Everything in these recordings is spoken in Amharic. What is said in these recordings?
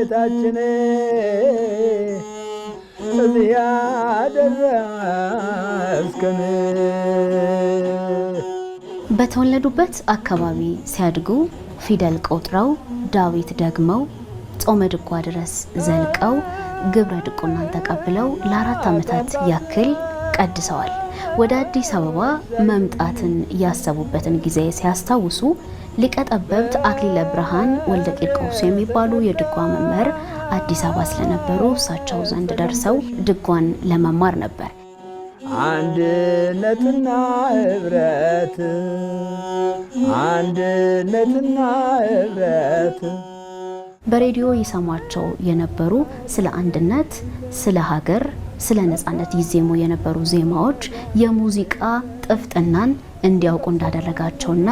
እመቤታችን እዚህ ያደረስከን። በተወለዱበት አካባቢ ሲያድጉ ፊደል ቆጥረው ዳዊት ደግመው ጾመ ድጓ ድረስ ዘልቀው ግብረ ድቁናን ተቀብለው ለአራት ዓመታት ያክል ቀድሰዋል። ወደ አዲስ አበባ መምጣትን ያሰቡበትን ጊዜ ሲያስታውሱ ሊቀ ጠበብት አክሊለ ብርሃን ወልደ ቂርቆስ የሚባሉ የድጓ መምህር አዲስ አበባ ስለነበሩ እሳቸው ዘንድ ደርሰው ድጓን ለመማር ነበር። አንድነትና ህብረት፣ አንድነትና ህብረት በሬዲዮ ይሰማቸው የነበሩ ስለ አንድነት፣ ስለ ሀገር ስለ ነጻነት ይዜሙ የነበሩ ዜማዎች የሙዚቃ ጥፍጥናን እንዲያውቁ እንዳደረጋቸውና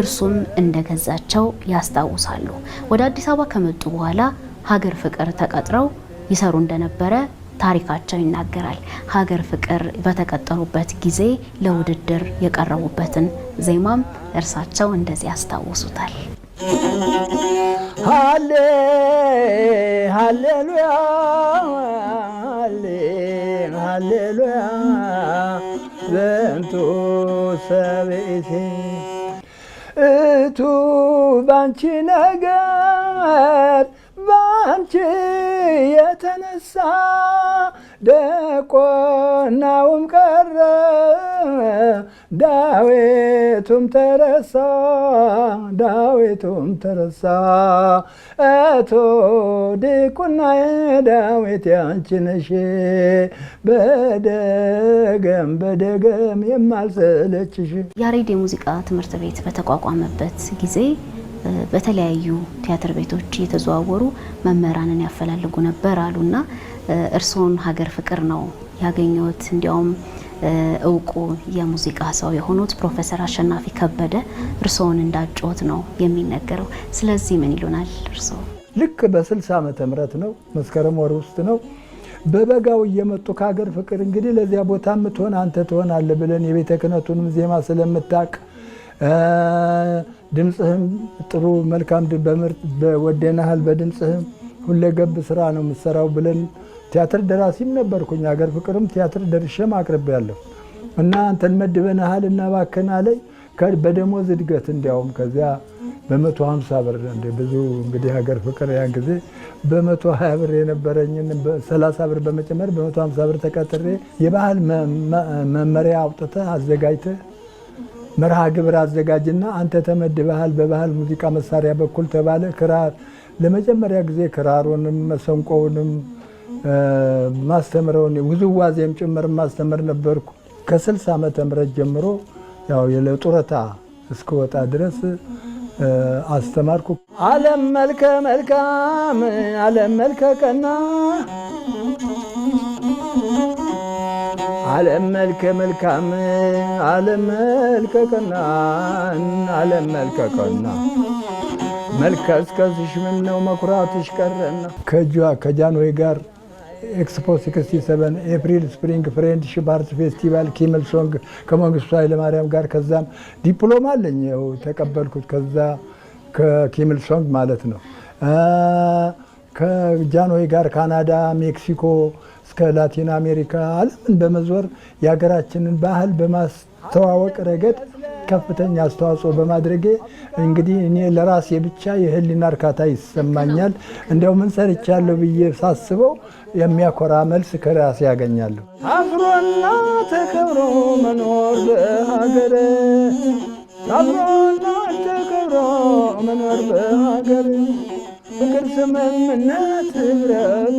እርሱም እንደገዛቸው ያስታውሳሉ። ወደ አዲስ አበባ ከመጡ በኋላ ሀገር ፍቅር ተቀጥረው ይሰሩ እንደነበረ ታሪካቸው ይናገራል። ሀገር ፍቅር በተቀጠሩበት ጊዜ ለውድድር የቀረቡበትን ዜማም እርሳቸው እንደዚህ ያስታውሱታል። ሃሌ ሃሌሉያ ከንቱ ሰቤቴ እቱ ባንቺ ነገር ባንቺ የተነሳ ደቆናውም ቀረ ዳዌ ዳዊቱም ተረሳ፣ ዳዊቱም ተረሳ። አቶ ዲቁና ዳዊት ያንቺ ነሽ፣ በደገም በደገም የማልሰለችሽ። ያሬድ የሙዚቃ ትምህርት ቤት በተቋቋመበት ጊዜ በተለያዩ ቲያትር ቤቶች እየተዘዋወሩ መምህራንን ያፈላልጉ ነበር አሉና እርስዎን ሀገር ፍቅር ነው ያገኘሁት እንዲያውም እውቁ የሙዚቃ ሰው የሆኑት ፕሮፌሰር አሸናፊ ከበደ እርስዎን እንዳጫወት ነው የሚነገረው። ስለዚህ ምን ይሉናል እርስዎ? ልክ በ60 ዓመተ ምህረት ነው መስከረም ወር ውስጥ ነው በበጋው እየመጡ ከሀገር ፍቅር እንግዲህ ለዚያ ቦታ የምትሆን አንተ ትሆናለህ ብለን የቤተ ክህነቱንም ዜማ ስለምታቅ ድምፅህም ጥሩ መልካም በምርጥ ወደናህል በድምፅህም ሁለገብ ስራ ነው የምትሰራው ብለን ቲያትር ደራሲም ነበርኩኝ። ሀገር ፍቅርም ቲያትር ደርሼም አቅርቤያለሁ እና አንተን መድበንሃል እና እባክህን አለኝ በደሞዝ እድገት እንዲያውም ከዚያ በመቶ ሀምሳ ብር እንደ ብዙ እንግዲህ ሀገር ፍቅር ያን ጊዜ በመቶ ሀያ ብር የነበረኝን ሰላሳ ብር በመጨመር በመቶ ሀምሳ ብር ተቀጥሬ የባህል መመሪያ አውጥተህ አዘጋጅተህ መርሃ ግብር አዘጋጅና አንተ ተመድበሃል በባህል ሙዚቃ መሳሪያ በኩል ተባለ። ክራር ለመጀመሪያ ጊዜ ክራሩንም መሰንቆውንም ማስተምረውን ውዝዋዜም ጭምር ማስተምር ነበርኩ። ከ60 ዓመተ ምህረት ጀምሮ ያው ለጡረታ እስክወጣ ድረስ አስተማርኩ። ዓለም መልከ መልካም፣ ዓለም መልከ ቀና፣ ዓለም መልከ መልካም፣ ዓለም መልከ ቀና፣ ዓለም መልከ ቀና መልከ እስከዚሽ ምን ነው መኩራትሽ ቀረና ከጇ ከጃንሆይ ጋር ኤክስፖ 67 ኤፕሪል ስፕሪንግ ፍሬንድሺፕ አርት ፌስቲቫል ኪመል ሶንግ ከመንግስቱ ኃይለማርያም ጋር ከዛም ዲፕሎማ አለኝ ይኸው ተቀበልኩት። ከዛ ከኪመል ሶንግ ማለት ነው። ከጃንሆይ ጋር ካናዳ፣ ሜክሲኮ እስከ ላቲን አሜሪካ አለምን በመዞር የሀገራችንን ባህል በማስተዋወቅ ረገድ ከፍተኛ አስተዋጽኦ በማድረጌ እንግዲህ እኔ ለራሴ ብቻ የህሊና እርካታ ይሰማኛል። እንደው ምን ሰርቻለሁ ብዬ ሳስበው የሚያኮራ መልስ ከራሴ ያገኛለሁ። አፍሮና ተከብሮ መኖር በሀገር አፍሮና ተከብሮ መኖር በሀገር ፍቅር፣ ስምምነት፣ ህብረት